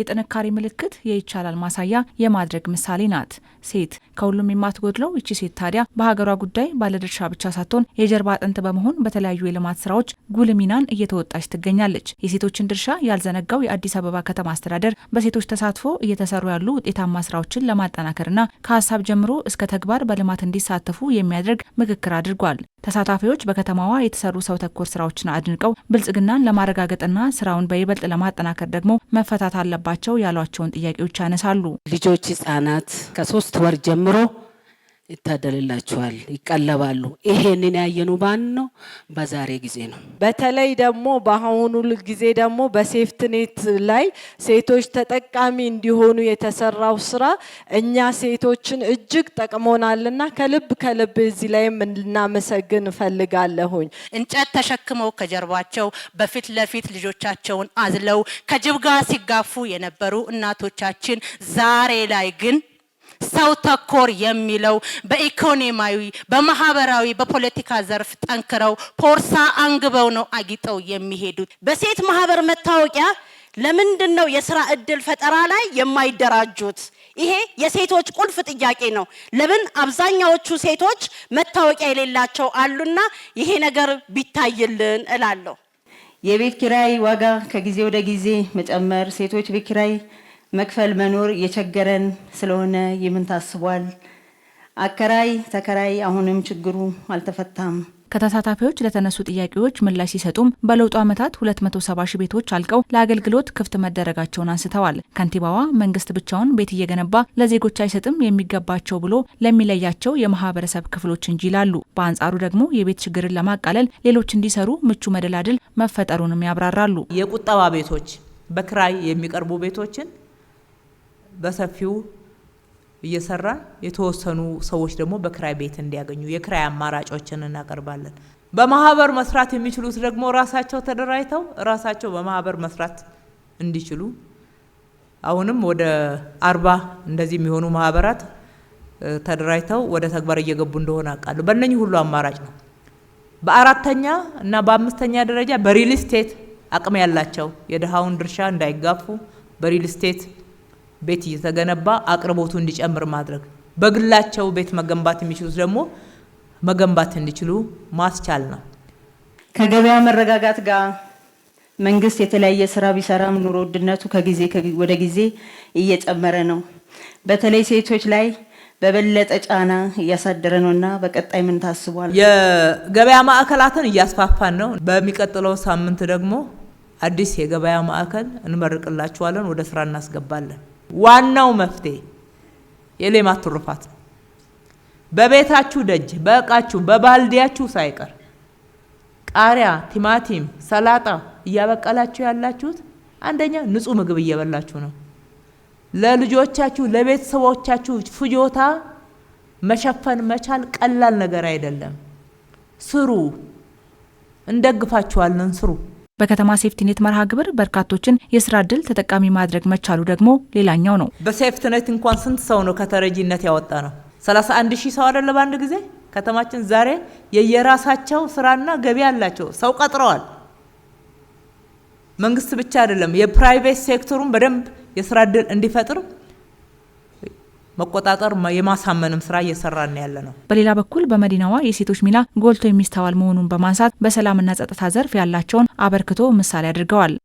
የጥንካሬ ምልክት፣ የይቻላል ማሳያ የማድረግ ምሳሌ ናት። ሴት ከሁሉም የማትጎድለው ይቺ ሴት ታዲያ በሀገሯ ጉዳይ ባለድርሻ ብቻ ሳትሆን የጀርባ አጥንት በመሆን በተለያዩ የልማት ስራዎች ጉልህ ሚናን እየተወጣች ትገኛለች። የሴቶችን ድርሻ ያልዘነጋው የአዲስ አበባ ከተማ አስተዳደር በሴቶች ተሳትፎ እየተሰሩ ያሉ ውጤታማ ስራዎችን ለማጠናከርና ከሀሳብ ጀምሮ እስከ ተግባር በልማት እንዲሳተፉ የሚያደርግ ምክክር አድርጓል። ተሳታፊዎች በከተማዋ የተሰሩ ሰው ተኮር ስራዎችን አድንቀው ብልጽግናን ለማረጋገጥና ስራውን በይበልጥ ለማጠናከር ደግሞ መፈታት አለባት አለባቸው ያሏቸውን ጥያቄዎች ያነሳሉ። ልጆች ህጻናት ከሶስት ወር ጀምሮ ይታደልላቸዋል፣ ይቀለባሉ። ይሄንን ያየኑ ባን ነው በዛሬ ጊዜ ነው። በተለይ ደግሞ በአሁኑ ጊዜ ደግሞ በሴፍትኔት ላይ ሴቶች ተጠቃሚ እንዲሆኑ የተሰራው ስራ እኛ ሴቶችን እጅግ ጠቅሞናልና ከልብ ከልብ እዚህ ላይም እንድናመሰግን እፈልጋለሁኝ። እንጨት ተሸክመው ከጀርባቸው በፊት ለፊት ልጆቻቸውን አዝለው ከጅብ ጋር ሲጋፉ የነበሩ እናቶቻችን ዛሬ ላይ ግን ሰው ተኮር የሚለው በኢኮኖሚያዊ፣ በማህበራዊ፣ በፖለቲካ ዘርፍ ጠንክረው ፖርሳ አንግበው ነው አጊጠው የሚሄዱት። በሴት ማህበር መታወቂያ ለምንድን ነው የስራ እድል ፈጠራ ላይ የማይደራጁት? ይሄ የሴቶች ቁልፍ ጥያቄ ነው። ለምን አብዛኛዎቹ ሴቶች መታወቂያ የሌላቸው አሉና ይሄ ነገር ቢታይልን እላለሁ። የቤት ኪራይ ዋጋ ከጊዜ ወደ ጊዜ መጨመር ሴቶች ቤት ኪራይ መክፈል መኖር የቸገረን ስለሆነ የምን ታስቧል? አከራይ ተከራይ አሁንም ችግሩ አልተፈታም። ከተሳታፊዎች ለተነሱ ጥያቄዎች ምላሽ ሲሰጡም በለውጡ ዓመታት 270 ሺህ ቤቶች አልቀው ለአገልግሎት ክፍት መደረጋቸውን አንስተዋል። ከንቲባዋ መንግስት ብቻውን ቤት እየገነባ ለዜጎች አይሰጥም የሚገባቸው ብሎ ለሚለያቸው የማህበረሰብ ክፍሎች እንጂ ይላሉ። በአንጻሩ ደግሞ የቤት ችግርን ለማቃለል ሌሎች እንዲሰሩ ምቹ መደላድል መፈጠሩንም ያብራራሉ። የቁጠባ ቤቶች፣ በክራይ የሚቀርቡ ቤቶችን በሰፊው እየሰራ የተወሰኑ ሰዎች ደግሞ በክራይ ቤት እንዲያገኙ የክራይ አማራጮችን እናቀርባለን። በማህበር መስራት የሚችሉት ደግሞ ራሳቸው ተደራጅተው ራሳቸው በማህበር መስራት እንዲችሉ አሁንም ወደ አርባ እንደዚህ የሚሆኑ ማህበራት ተደራጅተው ወደ ተግባር እየገቡ እንደሆነ አውቃለሁ። በእነኚህ ሁሉ አማራጭ ነው። በአራተኛ እና በአምስተኛ ደረጃ በሪል ስቴት አቅም ያላቸው የድሃውን ድርሻ እንዳይጋፉ በሪል ስቴት ቤት እየተገነባ አቅርቦቱ እንዲጨምር ማድረግ፣ በግላቸው ቤት መገንባት የሚችሉት ደግሞ መገንባት እንዲችሉ ማስቻል ነው። ከገበያ መረጋጋት ጋር መንግስት የተለያየ ስራ ቢሰራም ኑሮ ውድነቱ ከጊዜ ወደ ጊዜ እየጨመረ ነው። በተለይ ሴቶች ላይ በበለጠ ጫና እያሳደረ ነው እና በቀጣይ ምን ታስቧል? የገበያ ማዕከላትን እያስፋፋን ነው። በሚቀጥለው ሳምንት ደግሞ አዲስ የገበያ ማዕከል እንመርቅላችኋለን፣ ወደ ስራ እናስገባለን። ዋናው መፍትሄ የሌማት ትሩፋት በቤታችሁ ደጅ፣ በእቃችሁ፣ በባልዲያችሁ ሳይቀር ቃሪያ፣ ቲማቲም፣ ሰላጣ እያበቀላችሁ ያላችሁት አንደኛ ንጹህ ምግብ እየበላችሁ ነው። ለልጆቻችሁ ለቤተሰቦቻችሁ ፍጆታ መሸፈን መቻል ቀላል ነገር አይደለም። ስሩ፣ እንደግፋችኋለን። ስሩ። በከተማ ሴፍቲኔት መርሃ ግብር በርካቶችን የስራ እድል ተጠቃሚ ማድረግ መቻሉ ደግሞ ሌላኛው ነው። በሴፍቲኔት እንኳን ስንት ሰው ነው ከተረጂነት ያወጣ ነው? 31 ሺህ ሰው አደለ በአንድ ጊዜ ከተማችን ዛሬ የየራሳቸው ስራና ገቢ አላቸው። ሰው ቀጥረዋል። መንግስት ብቻ አይደለም፣ የፕራይቬት ሴክተሩን በደንብ የስራ እድል እንዲፈጥር መቆጣጠር የማሳመንም ስራ እየሰራን ያለ ነው። በሌላ በኩል በመዲናዋ የሴቶች ሚና ጎልቶ የሚስተዋል መሆኑን በማንሳት በሰላምና ጸጥታ ዘርፍ ያላቸውን አበርክቶ ምሳሌ አድርገዋል።